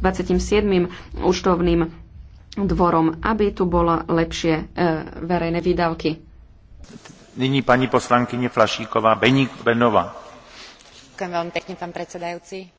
27. účtovným dvorom, aby tu bola lepšie e, verejné výdavky. Nyní pani poslankyne Flašíková Beník Benová. Ďakujem veľmi pekne, pán predsedajúci